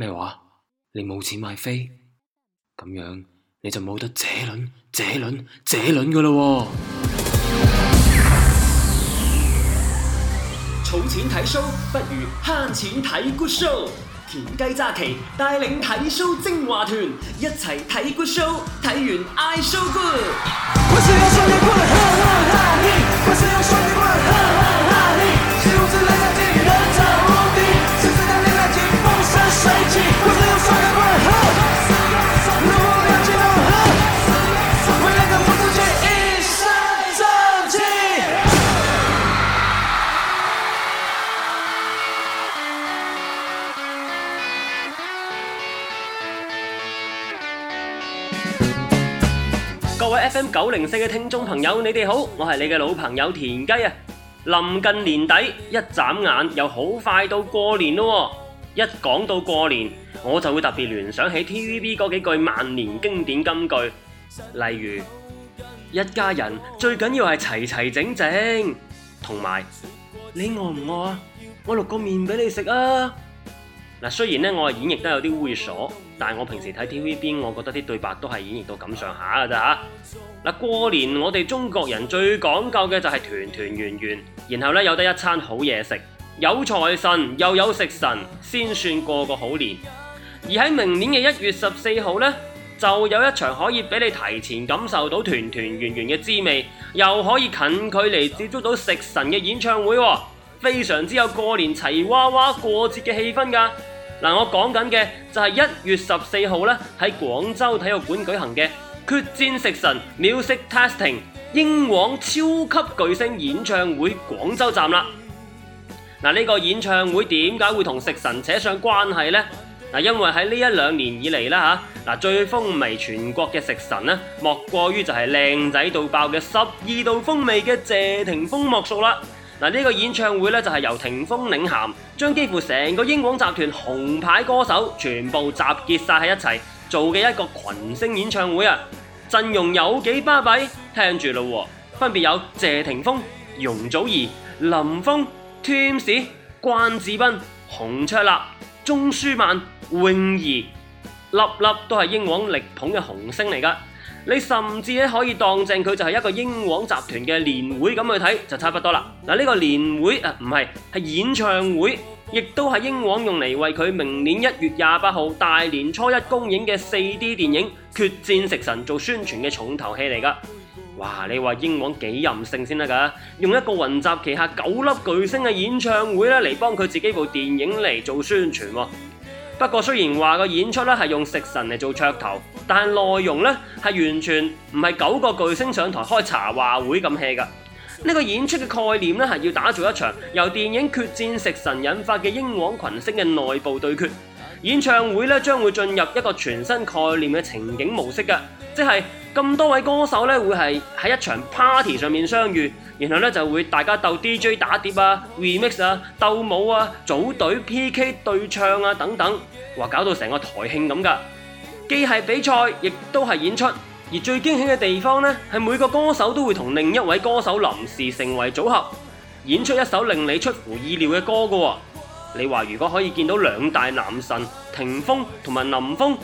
咩話？你冇錢買飛，咁樣你就冇得這輪、這輪、這輪噶啦！儲 錢睇 show 不如慳錢睇 good show，田雞揸旗帶領睇 show 精華團，一齊睇 good show，睇完嗌 show good！我需要上天各位 FM 九零四嘅聽眾朋友，你哋好，我係你嘅老朋友田雞啊！臨近年底，一眨眼又好快到過年咯。一講到過年，我就會特別聯想起 TVB 嗰幾句萬年經典金句，例如：一家人最緊要係齊齊整整，同埋你餓唔餓啊？我落個麵俾你食啊！嗱，雖然我係演繹得有啲猥瑣，但我平時睇 TVB，我覺得啲對白都係演繹到咁上下嘅啫。過年我哋中國人最講究嘅就係團團圓圓，然後有得一餐好嘢食，有財神又有食神，先算過個好年。而喺明年嘅一月十四號咧，就有一場可以俾你提前感受到團團圓圓嘅滋味，又可以近距離接觸到食神嘅演唱會喎、哦。非常之有過年齊娃娃過節嘅氣氛㗎。嗱，我講緊嘅就係一月十四號咧，喺廣州體育館舉行嘅決戰食神 Music Testing 英皇超級巨星演唱會廣州站啦。嗱，呢、這個演唱會點解會同食神扯上關係呢？嗱？因為喺呢一兩年以嚟啦嚇。嗱，最風靡全國嘅食神咧，莫過於就係靚仔到爆嘅十二道風味嘅謝霆鋒莫屬啦。嗱，呢個演唱會咧就係由霆鋒領銜，將幾乎成個英皇集團紅牌歌手全部集結曬喺一齊做嘅一個群星演唱會啊！陣容有幾巴閉，聽住咯喎，分別有謝霆鋒、容祖兒、林峯、Twins、關智斌、洪卓立、鍾舒漫、泳兒，粒粒都係英皇力捧嘅紅星嚟㗎。你甚至可以當正佢就係一個英皇集團嘅年會咁去睇就差不多啦。嗱，呢個年會啊，唔係係演唱會，亦都係英皇用嚟為佢明年一月廿八號大年初一公映嘅 4D 電影《決戰食神》做宣傳嘅重頭戲嚟噶。哇！你話英皇幾任性先得噶？用一個雲集旗下九粒巨星嘅演唱會咧嚟幫佢自己部電影嚟做宣傳喎！不過雖然話個演出咧係用食神嚟做噱頭，但係內容咧係完全唔係九個巨星上台開茶話會咁 hea 㗎。呢個演出嘅概念咧係要打造一場由電影《決戰食神》引發嘅英皇群星嘅內部對決。演唱會咧將會進入一個全新概念嘅情景模式㗎，即係。咁多位歌手呢會係喺一場 party 上面相遇，然後呢就會大家鬥 DJ 打碟啊、remix 啊、鬥舞啊、組隊啊、組隊 PK 對唱啊等等，話搞到成個台慶咁噶。既係比賽，亦都係演出。而最驚喜嘅地方呢，係每個歌手都會同另一位歌手臨時成為組合，演出一首令你出乎意料嘅歌噶、哦。你話如果可以見到兩大男神霆鋒同埋林峰。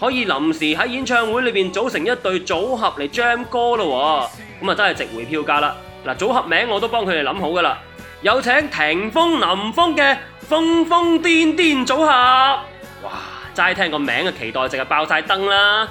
可以臨時喺演唱會裏面組成一對組合嚟 jam 歌咯喎，咁啊真係值回票價啦！嗱，組合名我都幫佢哋諗好㗎喇，有請霆鋒林峯嘅瘋瘋癲癲組合，哇！齋聽個名啊，期待值係爆曬燈啦！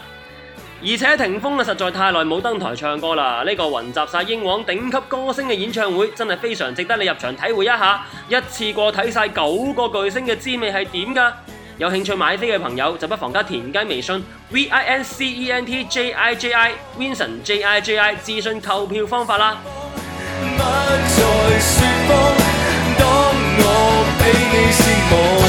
而且霆鋒啊，實在太耐冇登台唱歌啦，呢、這個雲集曬英皇頂級歌星嘅演唱會真係非常值得你入場體會一下，一次過睇曬九個巨星嘅滋味係點㗎！有興趣買飛嘅朋友，就不妨加田雞微信 v i n c e n t j i j i vinson j i j i 諮詢購票方法啦。當我